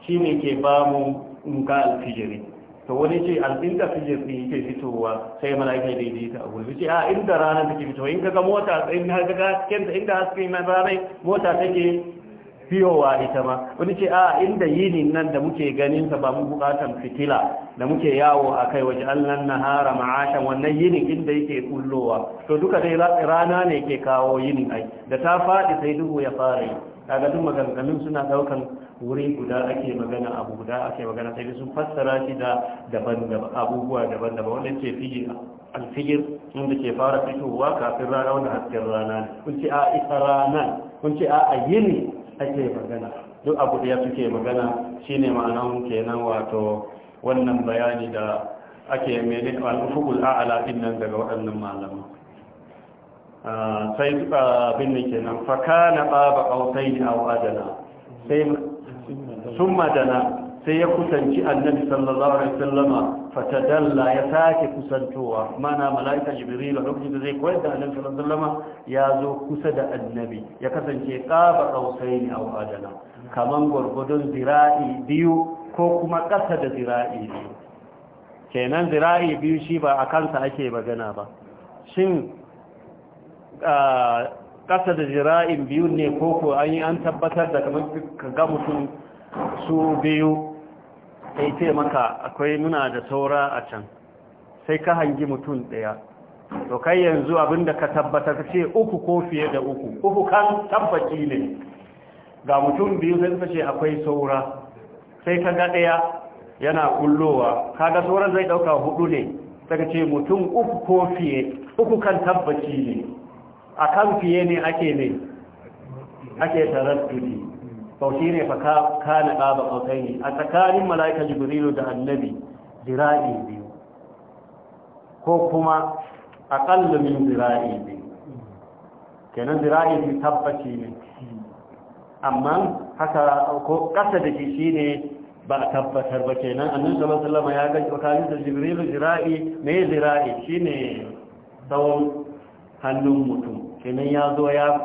S1: shine ke ba mu nuka alfijiri to wani ce al'inda fijiri ke yake fitowa sai mana ya daidai ta abu ce a inda rana take fitowa in kaga mota in kaga ga da inda hasken na rana mota take fiyowa ita ma wani ce a ah, inda yini nan da muke ganin sa ba mu bukatan fitila da muke yawo a kai waje allan nahara ma'ashan wannan yinin inda yake kullowa to duka dai rana ne ke kawo yinin ai da ta faɗi sai duhu ya fara yi kaga duk maganganun suna daukan wuri guda ake magana abu guda ake magana sai sun fassara shi da daban-daban abubuwa daban-daban wanda ce fiye
S2: alfijir inda ke fara fitowa kafin rana wanda hasken
S1: rana ne kun ce a ah, ita rana kun ce a ah, a yini ake magana duk abu ɗaya suke magana shine ma'anan kenan wato wannan bayani da ake mene al'ufugul a'ala din nan daga waɗannan malaman ah, sai ah, abin ne kenan fakana baba qausaini a adana sai sun dana sai ya kusanci annabi sallallahu alaihi fata dalla ya sake kusantowa mana malaika jibril lokacin da zai koyar da annabi sallallahu alaihi wasallam ya zo kusa da annabi ya kasance qaba qausain aw adana kaman gurgudun zira'i biyu ko kuma kasa da zira'i biyu kenan zira'i biyu shi ba a kansa ake magana ba shin kasa da zira'in biyu ne ko ko an yi an tabbatar da kamar ka ga mutum su biyu sai ce maka akwai muna da saura a can sai ka hangi mutum ɗaya to kai yanzu da ka tabbatar ce uku ko fiye da uku uku kan tabbaci ne ga mutum biyu sai suka ce akwai saura sai ka ga ɗaya yana kullowa kaga sauran zai ɗauka hudu ne daga ce mutum uku ko fiye uku kan tabbaci ne a kan fiye ne ake ne ake taraddudi فوشيري shi ne fa kana ɗaba a tsakanin mala'ika jibrilu da annabi zira'i biyu ko kuma aƙalla min zira'i biyu kenan zira'i biyu da ba a tabbatar ba kenan annabi sallallahu alaihi wasallam ya ga da jibrilu zira'i mai zira'i shine tsawon hannun mutum kenan ya zo ya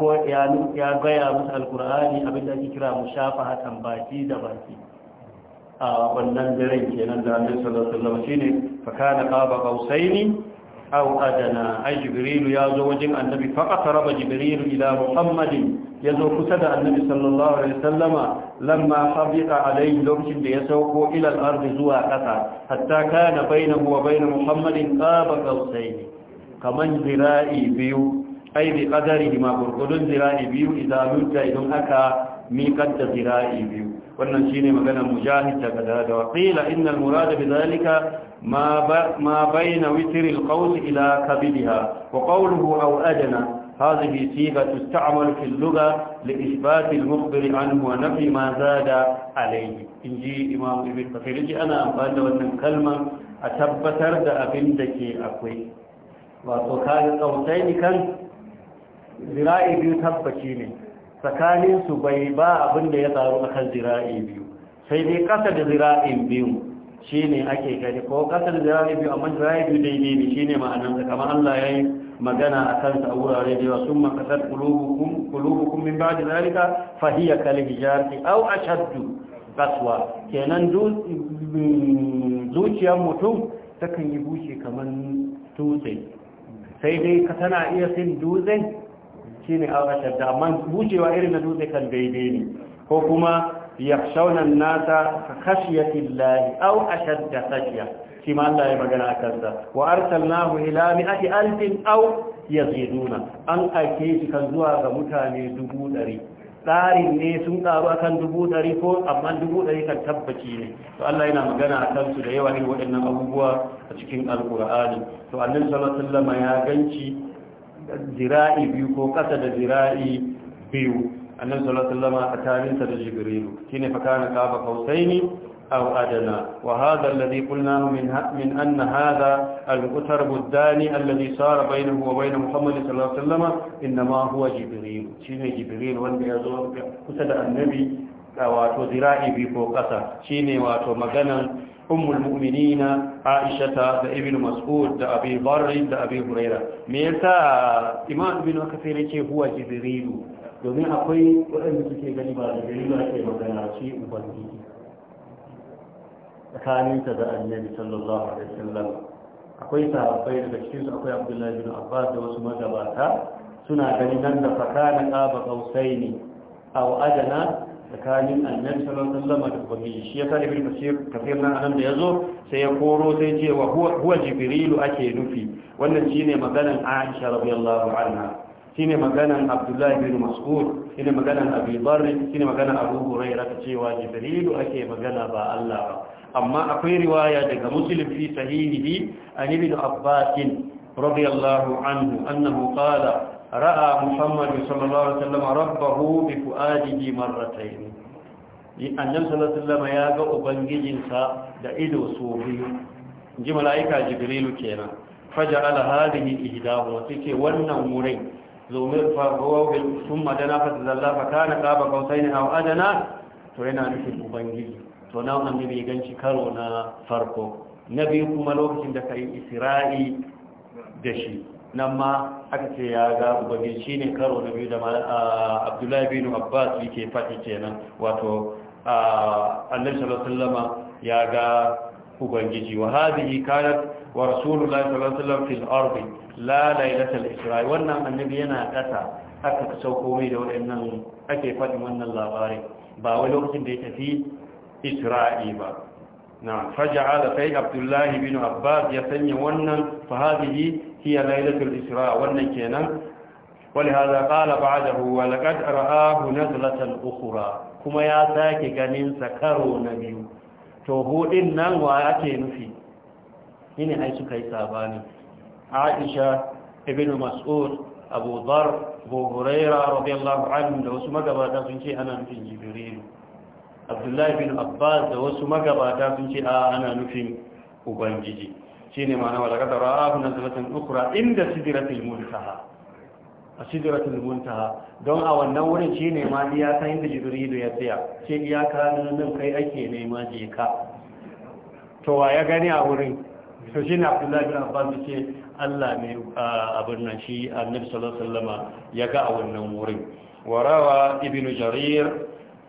S1: gaya musu alkur'ani da ake kira mu shafa hatan baki da baki a wannan daren kenan da annabi sallallahu alaihi wasallam shine fa kana qaba qausaini aw adana ay ya zo wajen annabi fa qataraba jibril ila muhammadin ya zo kusa da annabi sallallahu alaihi wasallama lamma sabita alaihi lokacin da ya sauko ila al-ard zuwa kasa hatta kana bainahu wa bain muhammadin qaba qausaini kaman zira'i biyu aibe kadari da makwarkwadon zira'i biyu izalun ta idan aka miƙar da zira'i biyu wannan shine ne maganar mujahid daga daga wakila inal murada bi zalika ma bai na witiril kawusi ila kabiliya ko kawuruhu a wa'adana hazi bi ci ga tustamar filluga da isbatin mukbiri an huwa na fi ma zada alaihi in ji imamu ibi kafirji ana amfani da wannan kalmar a tabbatar da abinda ke akwai wato kayan kautai ni kan zira'i biyu tabbaci ne tsakaninsu su bai ba abin da ya tsaro akan zira'i biyu sai dai kasa da zira'in biyu shine ake gani ko kasa da zira'i biyu amma zira'i biyu daidai ne ne ma'anar kamar Allah ya yi magana a kan a wurare da yawa sun makasar kulubukun min ba'di zarika fahiyar hiya kal au a shaddu qaswa kenan zuciyar mutum takan yi bushe kamar dutse sai dai ka tana iya sin dutsen shine aurashar da amma bushewa irin na dutse kan daidai ne ko kuma yakhshawna nasa ka khashyati au aw ashadda khashya shi ma Allah ya magana a kansa wa arsalnahu ila ake alfin aw yaziduna an aike shi kan zuwa ga mutane dubu ɗari tsarin ne sun karu akan dubu ɗari ko amma dubu ɗari kan tabbaci ne to Allah yana magana a kansu da yawa ne waɗannan abubuwa a cikin alkur'ani to annabi sallallahu alaihi wasallam ya ganci zira'i biyu ko kasa da zira'i biyu annabi sallallahu a tarinsa da jibrilu shine fa kana qaba qausaini أو أدنى وهذا الذي قلناه من, من أن هذا القترب الداني الذي صار بينه وبين محمد صلى الله عليه وسلم إنما هو جبريل شيني جبريل وانبي يزور قتد النبي wato zira'i biyu ko ƙasa shine wato maganan ummul mu'minina aisha da ibn mas'ud da abi barr da abi huraira me yasa imam ibn kasir yake huwa jibrilu domin akwai waɗanda suke gani ba da jibrilu ake magana shi ubangiji tsakaninta da annabi sallallahu alaihi wasallam akwai sahabbai daga cikin su akwai abdullahi bin abbas da wasu magabata suna ganin nan da fakana qaba qausaini aw adana tsakanin annabi sallallahu alaihi wasallam da ubangiji shi ya sa ibn kasir kafir nan anan da yazo sai ya koro sai ce wa huwa jibrilu ake nufi wannan shine maganan aisha radiyallahu anha shine maganan abdullahi bin mas'ud shine maganan abi dharr shine maganan abu hurairah cewa jibrilu ake magana ba Allah ba amma akwai riwaya daga muslim fi sahihihi an ibn abbas radiyallahu anhu annahu qala ra'a muhammadu sallallahu alaihi wasallam rabbahu bi fuadihi marratayn annabi sallallahu alaihi wasallam ya ga ubangijinsa da ido su. biyu inji malaika jibrilu kenan faja'ala hadhihi ihdahu ce wannan wurin zomir farfawo bil summa dana fa tazalla fa kana qaba qausaini aw adana to yana nufin ubangiji to na annabi ya ganci karo na farko na biyu kuma lokacin da kai isra'i da shi nan ma aka ce ya ga ubangin shi ne karo na biyu da abdullahi bin abbas yake faɗi kenan wato annabi sallallahu ya ga ubangiji wa hadhihi kanat wa rasulullahi sallallahu alaihi wasallam fil ardi la lailatul isra'i wannan annabi yana ƙasa. aka sauko mai da waɗannan ake faɗi wannan labari ba wani lokacin da ya tafi isra'i ba na da sai abdullahi bin abbas ya sanya wannan fa hadhihi hiya lailatul isra wannan kenan ولهذا قال بعده ولقد رآه نزلة أخرى كما ganin غنين سكرو نبي to hudin nan wa ake nufi shine ai suka yi sabani Aisha ibn Mas'ud Abu Buhuraira, Abu Hurairah radiyallahu da wasu magabata sun ce ana nufin Jibril Abdullahi bin Abbas da wasu magabata sun ce a ana nufin Ubangiji shine ma'ana wala qad ra'ahu nazlatan ukhra inda sidratil muntaha a sidratul muntaha don a wannan wurin shine ma san inda jibrilu ya tsaya ce iyaka nan kai ake nema je ka to wa ya gani a wurin to shi ne abdullahi bin abbas ce Allah ne a birnin shi annabi sallallahu alaihi wasallama ya ga a wannan wurin warawa ibnu jarir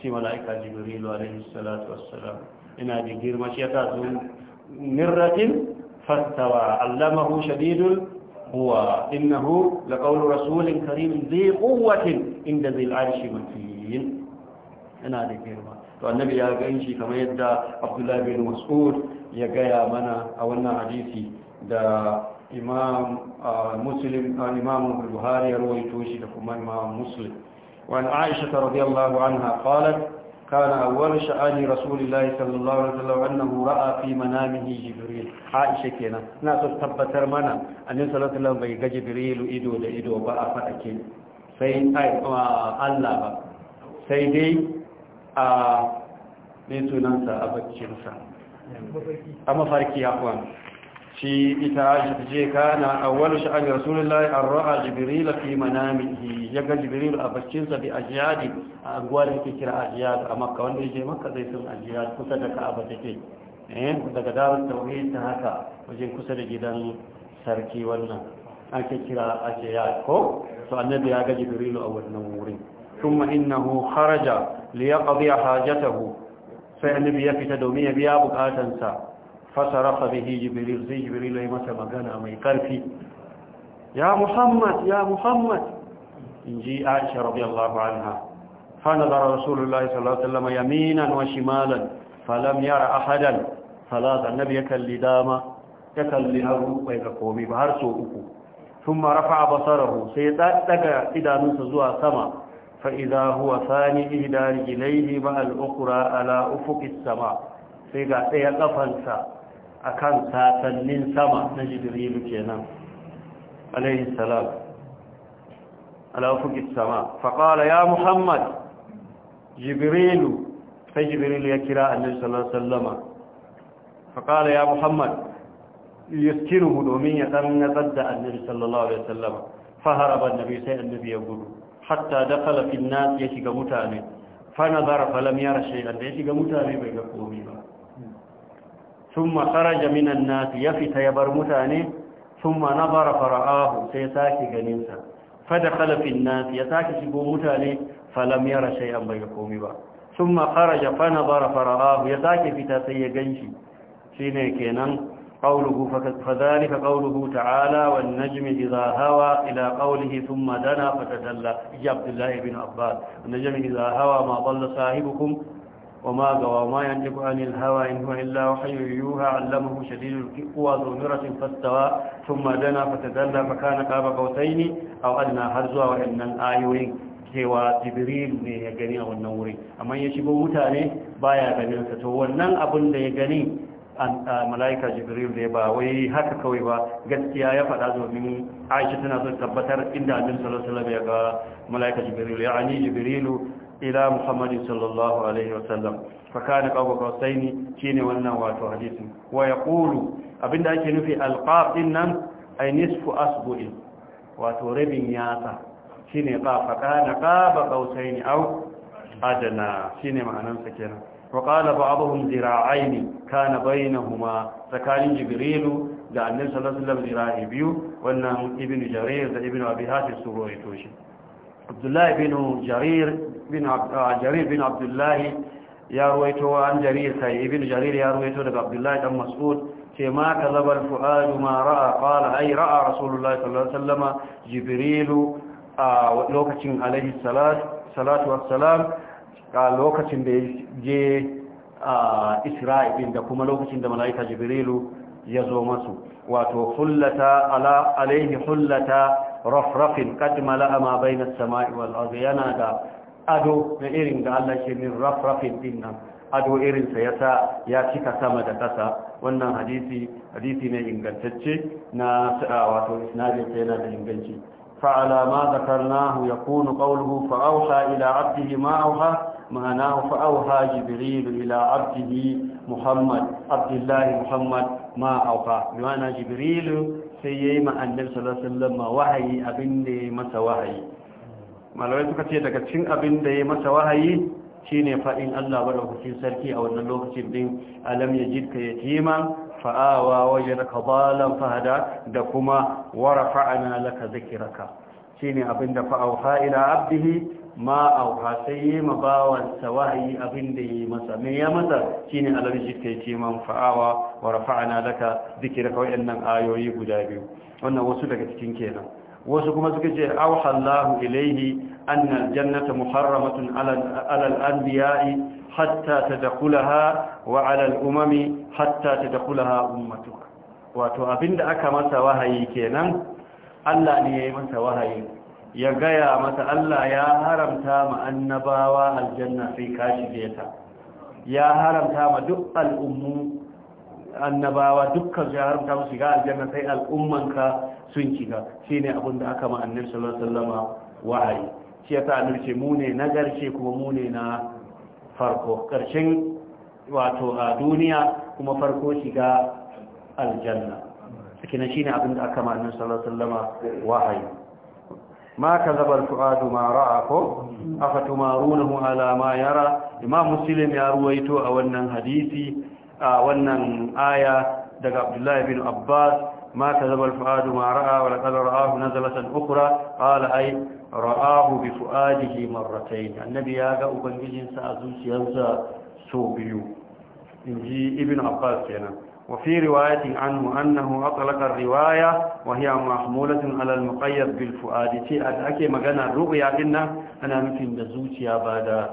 S1: ce mala'ika jibrilu alaihi salatu wassalam ina da girma shi yasa zo mirratin fastawa allamahu shadidul huwa innahu laqawlu rasulin karim zai quwwatin inda zai arshi matin ina da girma to annabi ya ganshi kamar yadda abdullahi bin mas'ud ya gaya mana a wannan hadisi da imam muslim imam buhari ya rawaito shi da kuma imam muslim وعن عائشة رضي الله عنها قالت كان أول شأن رسول الله صلى الله عليه وسلم أنه رأى في منامه جبريل عائشة كنا ناس تبتر منا أن صلى الله عليه وسلم بيقى جبريل إدو لإدو بأفأكين سيد الله سيدي ne sunansa a bakinsa
S2: a mafarki ya kwan
S1: shi ita aisha ta ce kana awwalu sha'an rasulullahi an ra'a jibril fi manamihi ya ga jibril a baccin sa bi ajyadi a anguwa da yake kira a makka wanda yake kusa da ka'aba take eh, daga darun tauhid ta haka kusa da gidan sarki wannan kira ajyad ko to annabi ya ga jibril a wannan wurin ثم إنه خرج ليقضي حاجته فعن بيفت دومية بيا بكاتنسا fasarafa bihi jibril sai jibril ya mata magana mai karfi ya muhammad ya muhammad inji aisha radiyallahu anha fa nazara rasulullahi sallallahu alaihi wasallam yaminan wa shimalan falam yara ahadan fala annabi ya kalli dama ya kalli hagu bai ga komai ba har so uku thumma rafa'a basarahu sai ya daga idanunsa zuwa sama فإذا هو ثاني إهدى رجليه ala الأخرى sama, sai ga ɗaya سيقفنسا akan sasannin sama na jibrilu kenan alaihi salam ala fuqis sama fa ya muhammad jibrilu sai jibrilu ya kira annabi sallallahu sallama, wasallam fa qala ya muhammad yaskiruhu domin ya dan nazar da annabi sallallahu alaihi sallama, fa haraba annabi sai annabi ya gudu hatta da fi nas ya shiga mutane fa nazara fa lam yara da ya shiga mutane bai ga komai ba ثم خرج من الناس يفت يبر متاني ثم نظر فرآه سيساكي غنينسا فدخل في الناس يساكي شبو متاني فلم يرى شيئا بيقوم با ثم خرج فنظر فرآه يساكي فتا سيغنشي شيني كينان قوله فذلك قوله تعالى والنجم إذا هوى إلى قوله ثم دنا فتدلى إجاب الله بن عباس النجم إذا هوى ما ضل صاحبكم وما غوى ما ينطق عن الهوى إن هو إلا وحي يوحى علمه شديد القوى ذو مرة فاستوى ثم دنا فتدلى فكان قاب قوسين أو أدنى هرزوا وإن الآيوين cewa jibril ne ya gani a wannan wuri amma ya shigo mutane baya ganin sa to wannan abin da ya gani mala'ika jibril da ba wai haka kawai ba gaskiya ya faɗa domin aisha tana son tabbatar inda annabi sallallahu alaihi wasallam ya ga mala'ika jibril ya ani jibrilu ila muhammadin sallallahu alaihi wasallam fakana qawwa qawsaini shine wannan wato hadisin wa yaqulu abinda ake nufi alqaf din nan ay nisfu asbu'in wato rabin yasa shine qaf fakana qaba qawsaini aw adana shine ma'anar sa kenan wa qala ba'dhum dira'aini kana bainahuma tsakanin jibrilu da annabi sallallahu alaihi wa wasallam dira'i biyu wannan ibnu jarir da ibnu abi hatim su rawaito عبد الله بن جرير بن جرير بن عبد الله يا رويتو عن جرير كي ابن جرير يا رويتو لك عبد الله بن مسعود كما كذب الفؤاد ما رأى قال أي رأى رسول الله صلى الله عليه وسلم جبريل لوكة عليه الصلاة والسلام لوكة جي إسرائيل دكما لوكة ملائكة جبريل يزومته wato hullata ala alaihi hullata rafrafin kad mala'a ma bayna samai wal yana da ado na irin da Allah ke min rafrafin din nan ado irinsa ya sa ya cika sama da ƙasa wannan hadisi hadisi ne ingantacce na wato isnadin yana da inganci فعلى ما ذكرناه يكون قوله فأوحى إلى عبده ما أوحى معناه فأوحى جبريل إلى عبده محمد عبد الله محمد ما أوحى بمعنى جبريل sai ya yi ma'annin salasallamma wahayi abin da ya masa wahayi malamai suka ce daga cin abin da ya masa wahayi shine faɗin Allah maɗaukacin sarki a wannan lokacin din alam ya jidka ya tima fa'awa wajen kabalan fahada da kuma wara fa'ana laka zikiraka shine abin da fa'auha ila abdihi ma auha sai yi ma bawansa wahayi abin da yi masa me ya masa shine alarji kai ce man fa'awa wa rafa'ana laka zikirka wayannan ayoyi guda biyu wannan wasu daga cikin kenan wasu kuma suka ce auha Allahu ilaihi anna jannata muharramatun ala al-anbiya'i hatta tadkhulaha wa alal umami hatta tadkhulaha ummatuka
S2: wato abinda aka masa wahayi kenan Allah ne ya yi masa wahayi ya gaya masa Allah ya haramta
S1: ma annabawa aljanna sai ka shige ta ya haramta ma duk al'ummu annabawa dukkan ya haramta mu shiga aljanna sai al'ummanka sun shiga shine abin da aka ma annabi sallallahu alaihi wahayi shi sa annabi ce mu ne na garshe kuma mu ne na farko karshen wato a duniya kuma farko shiga aljanna shi ne abin da aka manzo sallallahu wahayi ma kadhaba al-fuadu ma ra'a ko afatumarunahu mu alama yara imam muslim ya ruwaito a wannan hadisi a wannan aya daga abdullahi bin abbas ما كذب الفؤاد ما رأى ولقد رآه ra'ahu أخرى قال أي رآه بفؤاده مرتين النبي ياغا أبنجي سأزوج ينسى سوبيو إنجي ابن Abbas هنا وفي رواية عنه أنه أطلق الرواية وهي محمولة على المقيد بالفؤاد تي أدأكي مغانا الرؤيا إنا أنا مثل دزوتيا بعد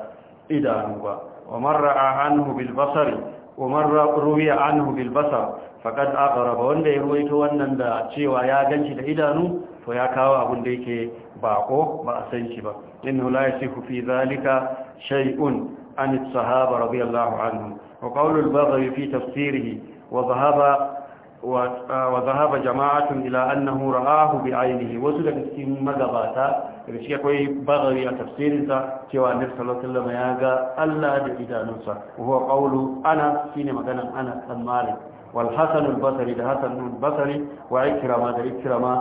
S1: إدانوبا ومن رأى عنه بالبصر ومن روي عنه بالبصر فقد أغرب وانده يرويته وانن دا تيوى يا جنش دا إدانو فيا كاوى وانده كي باقو بأسنشبا إنه لا يسيح في ذلك شيء عن الصحابة رضي الله عنهم وقول البغوي في تفسيره وذهب وذهب جماعة إلى أنه رآه بعينه وسلك cikin magabata daga cikin akwai bagawi a tafsirinsa cewa annabi sallallahu alaihi wasallam ya ga Allah da idanunsa huwa qawlu ana shine magana ana dan malik wal hasan al basri da hasan al basri wa ikrama da ikrama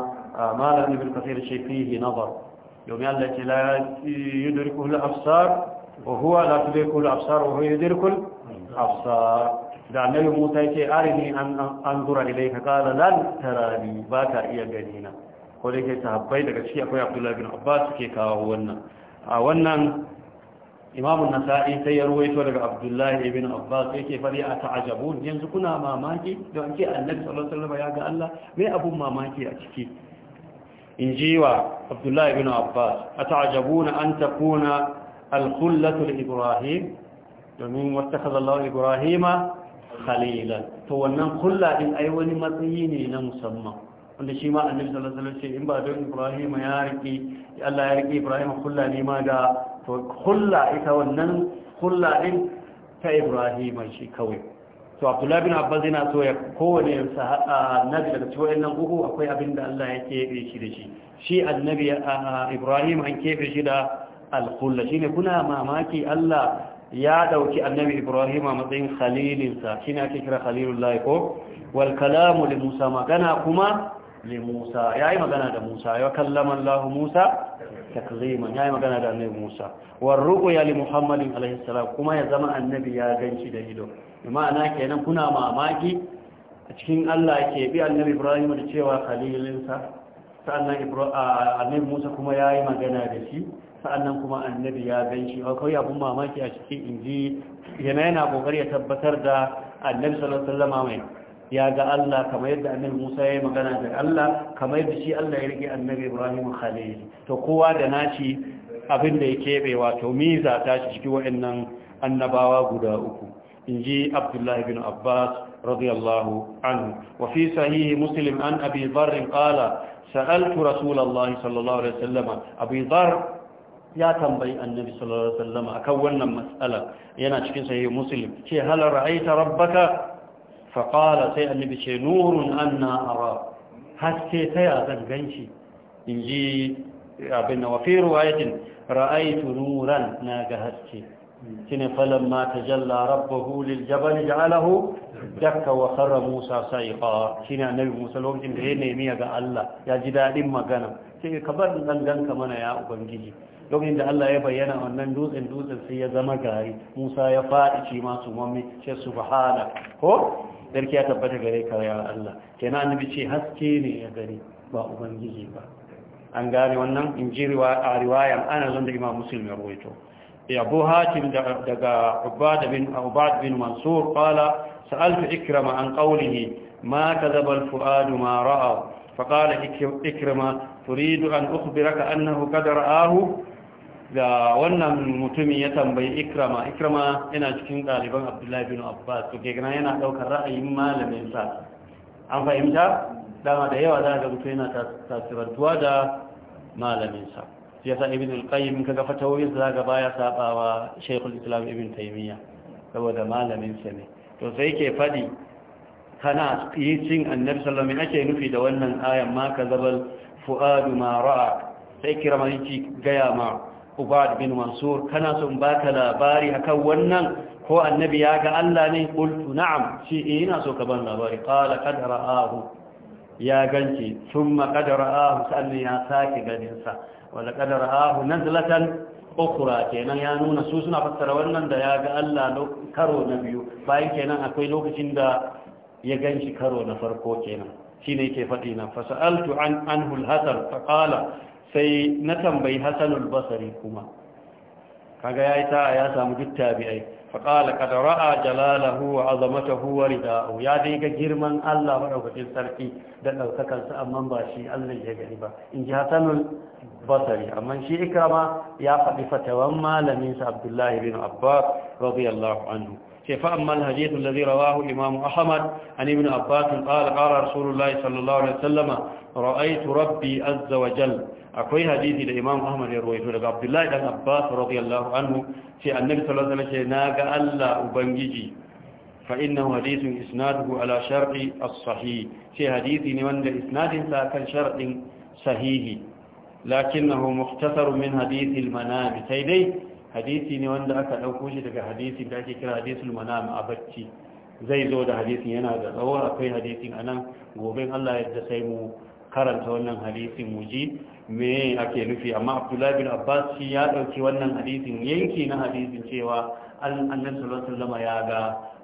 S1: malam ibn kathir shi fihi nazar domin Allah la yudriku al absar wa huwa la tudriku al absar wa da annabi musa ya ce arini an zura ilai ka kala lan tarani ba ka iya gani na ko da ke sahabbai daga ciki akwai abdullahi bin abbas suke kawo wannan a wannan imamun nasa'i sai ya ruwaito daga abdullahi ibn abbas yake fari a ta'ajabun yanzu kuna mamaki don ke annabi sallallahu alaihi wasallam ya ga Allah me abun mamaki a ciki injiwa abdullahi ibn abbas ata'ajabuna an takuna al-qullatu li ibrahim domin wata Allah ibrahima khalilan to wannan kulla din ai wani matsayi ne na musamman wanda shi ma annabi sallallahu alaihi wasallam in ba don Ibrahim ya rike Allah ya rike Ibrahim kulla ne ma da to kulla ita wannan kulla din ta Ibrahim shi kawai to Abdullah bin Abbas yana so ya kowane annabi daga cikin wannan uku akwai abin da Allah ya kebe shi da shi shi annabi Ibrahim an kebe shi da al-kulla shine kuna mamaki Allah ya dauki annabi ibrahim a matsayin khalilinsa shine ake kira khalilullahi ko wal kalamu li musa magana kuma li musa yayi magana da musa ya kallama allah musa takliman yayi magana da annabi musa war ruqya li muhammadin alaihi salam kuma ya zama annabi ya ganci da ido ma'ana kenan kuna mamaki a cikin allah yake bi annabi ibrahim da cewa khalilinsa sannan annabi musa kuma yayi magana da shi sa'annan kuma annabi ya gan shi ya abun mamaki a cikin inji yana yana kokari ya tabbatar da annabi mai ya ga Allah kamar yadda annabi Musa ya yi magana da Allah kamar yadda shi Allah ya rike annabi Ibrahim Khalil to kowa da naci abin da ya keɓe wato miza ta shi cikin waɗannan annabawa guda uku inji Abdullahi bin Abbas radiyallahu anhu wa fi sahih Muslim an Abi Dharr qala sa'altu رسول sallallahu alaihi الله عليه وسلم ya tambayi annabi sallallahu alaihi wasallam akan wannan matsala yana cikin sahih muslim ce hal ra'aita rabbaka fa qala sai annabi ce nurun anna ara haske ta ya zan ganci inji abin wa fi riwayatin ra'aitu nuran na ga haske shine falamma tajalla rabbuhu lil jabal ja'alahu dakka wa kharra musa sa'iqa shine annabi musa lokacin da ya nemi ga Allah ya ji dadin magana sai ka bar dan ganka mana ya ubangiji lokacin da Allah ya bayyana wannan dutsen dutsen sai ya zama gari Musa ya faɗi ci masu mamme ce subhana ko sarki ya tabbata gare ka ya Allah kenan annabi ce haske ne ya gari ba ubangiji ba an gane wannan in ji a riwayan ana zan da imam muslim ya rawaito abu hatim daga ubad bin ubad bin mansur qala sa'altu ikrama an qawlihi ma kadhaba al-fuad ma ra'a فقال إكرمة تريد أن أخبرك أنه قد رآه ga wannan mutumin ya tambayi ikrama ikrama yana cikin ɗaliban abdullahi bin abbas to ke gana yana ɗaukar ra'ayin malamin sa an fahimta dama da yawa za ga mutum yana tasirantuwa da malamin sa sa ibn al kaga fatawoyin sa ga baya sabawa shaykhul islam ibn taymiya saboda malamin sa ne to sai ke fadi kana yi cin annabi sallallahu alaihi wasallam ake nufi da wannan ayan ma zabal fuadu ma ra'a sai kirama yake gaya ma ubad bin mansur kana son baka labari akan wannan ko annabi ya ga Allah ne qultu na'am shi eh, ina so ka ban labari qala qad ra'ahu ya ganci thumma qad ra'ahu sannan ya sake ganin sa wala qad ra'ahu nazlatan ukhra kenan ya nuna su suna fassara wannan da ya ga Allah karo na biyu bayan kenan akwai lokacin da ya ganci karo na farko kenan shine yake faɗi na fasaltu an anhu al-hasan fa qala sai na tambayi hasanul basari kuma kaga yayi ta ya samu duk tabi'ai fa qala qad ra'a jalalahu wa azamatahu wa rida'u ya dai ga girman Allah madaukakin sarki da daukakar sa amma ba shi Allah ya gani ba in ji hasanul basari amma shi ikrama ya faɗi fatawan malamin sa Abdullah ibn Abbas radiyallahu anhu فأما الحديث الذي رواه الإمام أحمد عن ابن عباس قال قال رسول الله صلى الله عليه وسلم رأيت ربي عز وجل akwai hadisi da imam ahmad ya rawaito daga abdullahi dan abbas radiyallahu anhu ce annabi sallallahu alaihi wasallam ce naga allah ubangiji fa innahu hadithun isnaduhu ala shar'i as-sahih ce hadisi ne wanda isnadin sa kan shar'in sahihi lakinnahu mukhtasar min hadith al-manam sai dai hadisi ne wanda aka dauko shi daga hadisin da ake kira hadithul manam a bacci zai zo da hadisin yana da tsawo akwai hadisin anan gobe Allah ya sai mu karanta wannan hadisin mu ji me ake nufi amma abdullahi bin abbas shi ya ɗauki wannan hadisin yanki na hadisin cewa annabi sallallahu alaihi wasallam ya ga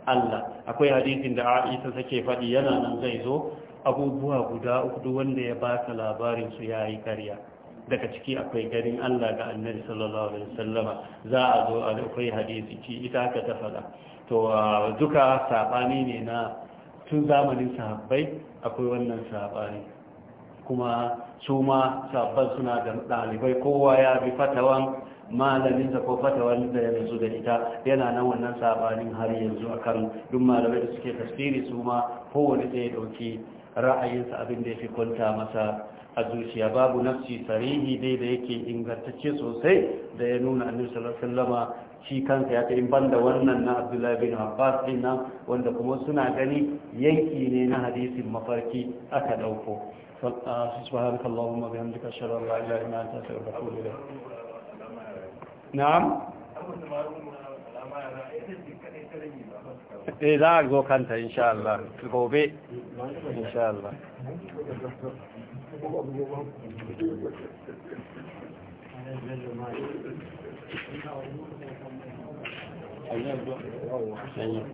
S1: Allah akwai hadisin da Aisha take faɗi yana nan zai zo abubuwa guda uku wanda ya baka labarin su yayi karya daga ciki akwai garin Allah ga annabi sallallahu alaihi wasallam za a zo a akwai hadisi ci ita ka ta faɗa to duka sabani ne na tun zamanin sahabbai akwai wannan sabani kuma su ma sabban suna da ɗalibai kowa ya bi fatawan malaminsa ko fatawan da ya da ita yana nan wannan sabanin har yanzu a kan duk malamai da suke tasiri su ma kowane ɗaya ɗauki ra'ayinsa abin da ya fi kwanta masa a zuciya babu nafsi sarihi dai da yake ingantacce sosai da ya nuna annabi sallallahu shi kansa ya ce in banda wannan na Abdullahi bin Abbas din nan wanda kuma suna gani yanki ne na hadisin mafarki aka ɗauko. سبحانك اللهم وبحمدك أشهد أن لا إله إلا أنت أستغفرك وأتوب إليك نعم eh za a zo kanta insha Allah gobe insha Allah Thank
S2: you.